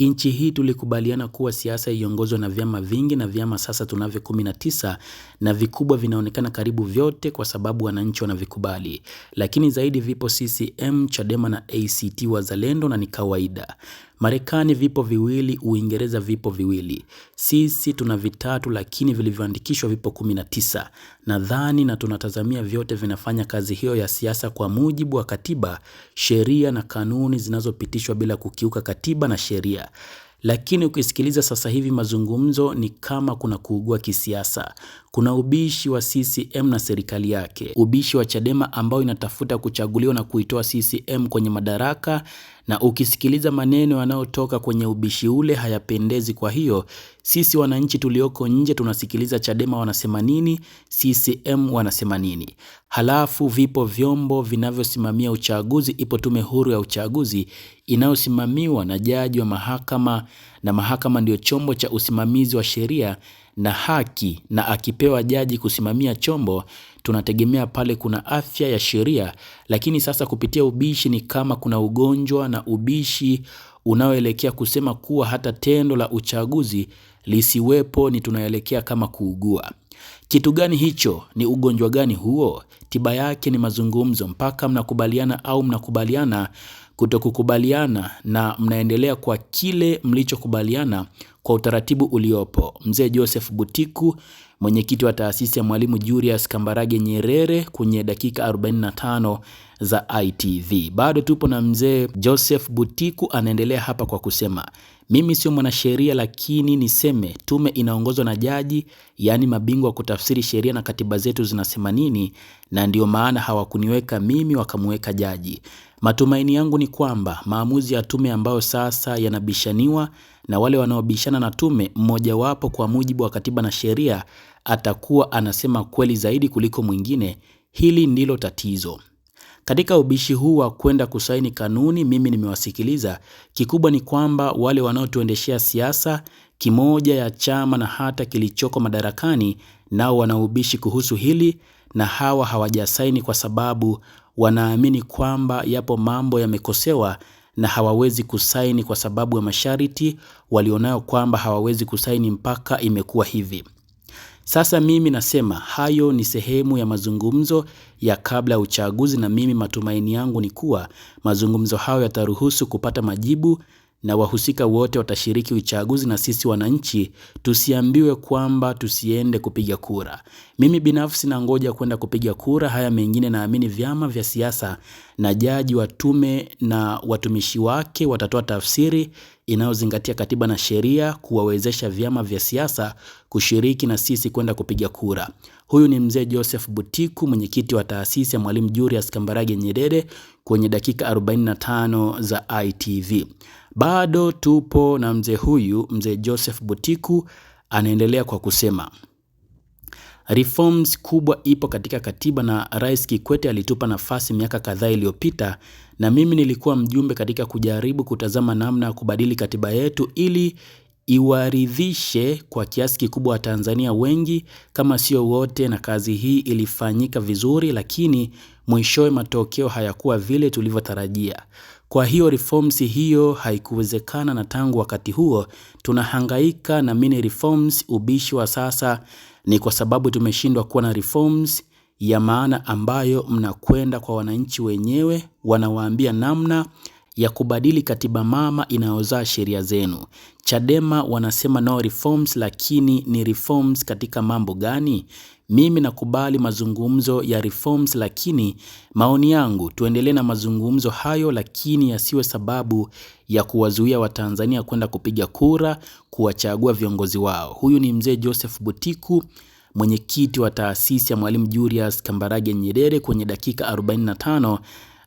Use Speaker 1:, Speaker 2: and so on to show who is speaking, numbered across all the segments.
Speaker 1: Nchi hii tulikubaliana kuwa siasa iongozwe na vyama vingi, na vyama sasa tunavyo 19 na vikubwa vinaonekana karibu vyote, kwa sababu wananchi wanavikubali, lakini zaidi vipo CCM, Chadema na ACT Wazalendo, na ni kawaida. Marekani vipo viwili, Uingereza vipo viwili. Sisi tuna vitatu, lakini vilivyoandikishwa vipo kumi na tisa nadhani, na tunatazamia vyote vinafanya kazi hiyo ya siasa kwa mujibu wa katiba, sheria na kanuni zinazopitishwa bila kukiuka katiba na sheria. Lakini ukisikiliza sasa hivi mazungumzo ni kama kuna kuugua kisiasa. Kuna ubishi wa CCM na serikali yake, ubishi wa Chadema ambayo inatafuta kuchaguliwa na kuitoa CCM kwenye madaraka na ukisikiliza maneno yanayotoka kwenye ubishi ule hayapendezi. Kwa hiyo sisi wananchi tulioko nje tunasikiliza Chadema wanasema nini, CCM wanasema nini. Halafu vipo vyombo vinavyosimamia uchaguzi. Ipo Tume Huru ya Uchaguzi inayosimamiwa na jaji wa mahakama, na mahakama ndiyo chombo cha usimamizi wa sheria na haki, na akipewa jaji kusimamia chombo tunategemea pale kuna afya ya sheria, lakini sasa kupitia ubishi ni kama kuna ugonjwa na ubishi unaoelekea kusema kuwa hata tendo la uchaguzi lisiwepo, ni tunaelekea kama kuugua. Kitu gani hicho? Ni ugonjwa gani huo? Tiba yake ni mazungumzo, mpaka mnakubaliana au mnakubaliana kutokukubaliana, na mnaendelea kwa kile mlichokubaliana kwa utaratibu uliopo. Mzee Joseph Butiku, mwenyekiti wa taasisi ya Mwalimu Julius Kambarage Nyerere, kwenye dakika 45 za ITV. Bado tupo na mzee Joseph Butiku, anaendelea hapa kwa kusema mimi sio mwanasheria, lakini niseme tume inaongozwa na jaji, yaani mabingwa wa kutafsiri sheria na katiba zetu zinasema nini, na ndio maana hawakuniweka mimi, wakamuweka jaji. Matumaini yangu ni kwamba maamuzi ya tume ambayo sasa yanabishaniwa na wale wanaobishana na tume, mmojawapo kwa mujibu wa katiba na sheria atakuwa anasema kweli zaidi kuliko mwingine. Hili ndilo tatizo. Katika ubishi huu wa kwenda kusaini kanuni, mimi nimewasikiliza. Kikubwa ni kwamba wale wanaotuendeshea siasa kimoja ya chama na hata kilichoko madarakani, nao wanaubishi kuhusu hili, na hawa hawajasaini kwa sababu wanaamini kwamba yapo mambo yamekosewa na hawawezi kusaini kwa sababu ya masharti walionayo kwamba hawawezi kusaini mpaka imekuwa hivi. Sasa mimi nasema hayo ni sehemu ya mazungumzo ya kabla ya uchaguzi, na mimi matumaini yangu ni kuwa mazungumzo hayo yataruhusu kupata majibu na wahusika wote watashiriki uchaguzi, na sisi wananchi tusiambiwe kwamba tusiende kupiga kura. Mimi binafsi na ngoja kwenda kupiga kura. Haya mengine naamini vyama vya siasa na jaji wa tume na watumishi wake watatoa tafsiri inayozingatia katiba na sheria kuwawezesha vyama vya siasa kushiriki na sisi kwenda kupiga kura. Huyu ni mzee Joseph Butiku, mwenyekiti wa taasisi ya Mwalimu Julius Kambarage Nyerere kwenye dakika 45 za ITV. Bado tupo na mzee huyu, mzee Joseph Butiku anaendelea kwa kusema reforms kubwa ipo katika katiba, na Rais Kikwete alitupa nafasi miaka kadhaa iliyopita, na mimi nilikuwa mjumbe katika kujaribu kutazama namna ya kubadili katiba yetu ili iwaridhishe kwa kiasi kikubwa Watanzania wengi kama sio wote, na kazi hii ilifanyika vizuri, lakini mwishowe matokeo hayakuwa vile tulivyotarajia. Kwa hiyo reforms hiyo haikuwezekana, na tangu wakati huo tunahangaika na mini reforms. Ubishi wa sasa ni kwa sababu tumeshindwa kuwa na reforms ya maana ambayo mnakwenda kwa wananchi wenyewe, wanawaambia namna ya kubadili katiba mama inayozaa sheria zenu. Chadema wanasema no reforms, lakini ni reforms katika mambo gani? Mimi nakubali mazungumzo ya reforms, lakini maoni yangu tuendelee na mazungumzo hayo, lakini yasiwe sababu ya kuwazuia Watanzania kwenda kupiga kura kuwachagua viongozi wao. Huyu ni mzee Joseph Butiku mwenyekiti wa taasisi ya Mwalimu Julius Kambarage Nyerere kwenye dakika 45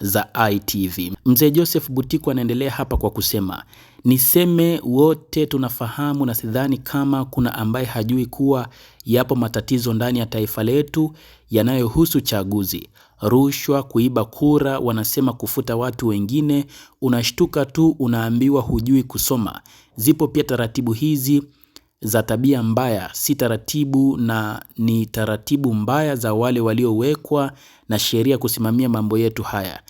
Speaker 1: za ITV. Mzee Joseph Butiku anaendelea hapa kwa kusema, niseme wote tunafahamu na sidhani kama kuna ambaye hajui kuwa yapo matatizo ndani ya taifa letu yanayohusu chaguzi, rushwa, kuiba kura, wanasema kufuta watu wengine, unashtuka tu unaambiwa hujui kusoma. Zipo pia taratibu hizi za tabia mbaya si taratibu na ni taratibu mbaya za wale waliowekwa na sheria kusimamia mambo yetu haya.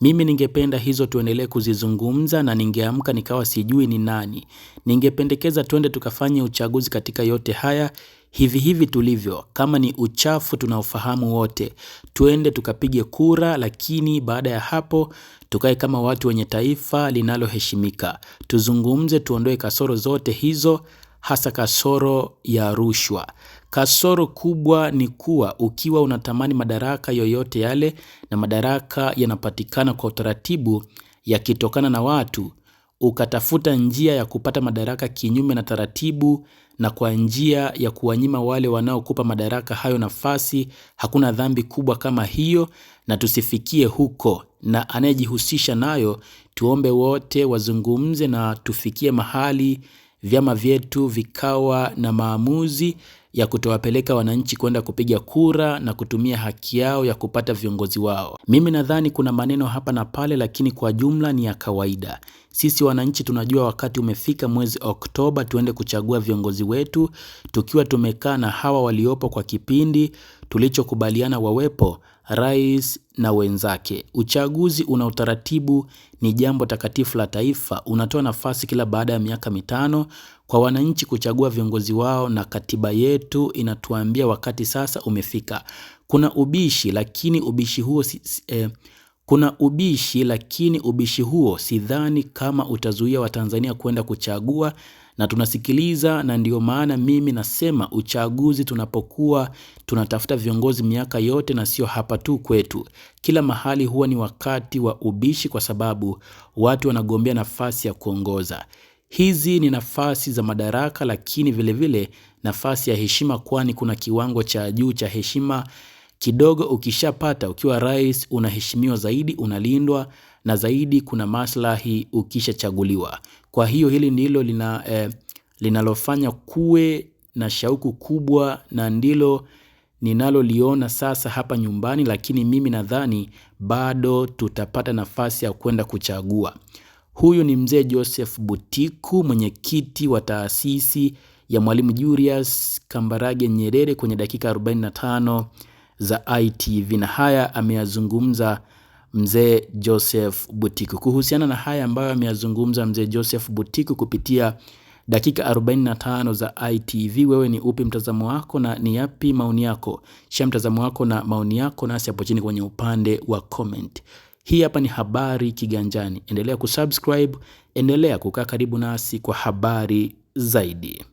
Speaker 1: Mimi ningependa hizo tuendelee kuzizungumza na ningeamka nikawa sijui ni nani. Ningependekeza twende tukafanye uchaguzi katika yote haya hivi hivi tulivyo, kama ni uchafu tunaofahamu wote, twende tukapige kura, lakini baada ya hapo tukae kama watu wenye taifa linaloheshimika, tuzungumze, tuondoe kasoro zote hizo hasa kasoro ya rushwa. Kasoro kubwa ni kuwa ukiwa unatamani madaraka yoyote yale na madaraka yanapatikana kwa utaratibu yakitokana na watu, ukatafuta njia ya kupata madaraka kinyume na taratibu na kwa njia ya kuwanyima wale wanaokupa madaraka hayo nafasi, hakuna dhambi kubwa kama hiyo, na tusifikie huko, na anayejihusisha nayo tuombe wote wazungumze na tufikie mahali vyama vyetu vikawa na maamuzi ya kutowapeleka wananchi kwenda kupiga kura na kutumia haki yao ya kupata viongozi wao. Mimi nadhani kuna maneno hapa na pale, lakini kwa jumla ni ya kawaida. Sisi wananchi tunajua wakati umefika, mwezi Oktoba tuende kuchagua viongozi wetu, tukiwa tumekaa na hawa waliopo kwa kipindi tulichokubaliana wawepo: rais, na wenzake. Uchaguzi una utaratibu, ni jambo takatifu la taifa. Unatoa nafasi kila baada ya miaka mitano kwa wananchi kuchagua viongozi wao, na katiba yetu inatuambia wakati sasa umefika. Kuna ubishi, lakini ubishi huo si, eh, kuna ubishi, lakini ubishi huo sidhani kama utazuia Watanzania kwenda kuchagua, na tunasikiliza, na ndio maana mimi nasema uchaguzi tunapokuwa tunatafuta viongozi miaka yote, na sio hapa tu kwetu, kila mahali huwa ni wakati wa ubishi, kwa sababu watu wanagombea nafasi ya kuongoza. Hizi ni nafasi za madaraka, lakini vilevile nafasi ya heshima, kwani kuna kiwango cha juu cha heshima kidogo ukishapata ukiwa rais, unaheshimiwa zaidi, unalindwa na zaidi, kuna maslahi ukishachaguliwa. Kwa hiyo hili ndilo lina, eh, linalofanya kuwe na shauku kubwa na ndilo ninaloliona sasa hapa nyumbani, lakini mimi nadhani bado tutapata nafasi ya kwenda kuchagua. Huyu ni mzee Joseph Butiku, mwenyekiti wa taasisi ya Mwalimu Julius Kambarage Nyerere kwenye dakika 45 za ITV, na haya ameyazungumza mzee Joseph Butiku. Kuhusiana na haya ambayo ameyazungumza mzee Joseph Butiku kupitia dakika 45 za ITV, wewe ni upi mtazamo wako na ni yapi maoni yako? Shia mtazamo wako na maoni yako nasi hapo chini kwenye upande wa comment. Hii hapa ni Habari Kiganjani. Endelea kusubscribe, endelea kukaa karibu nasi kwa habari zaidi.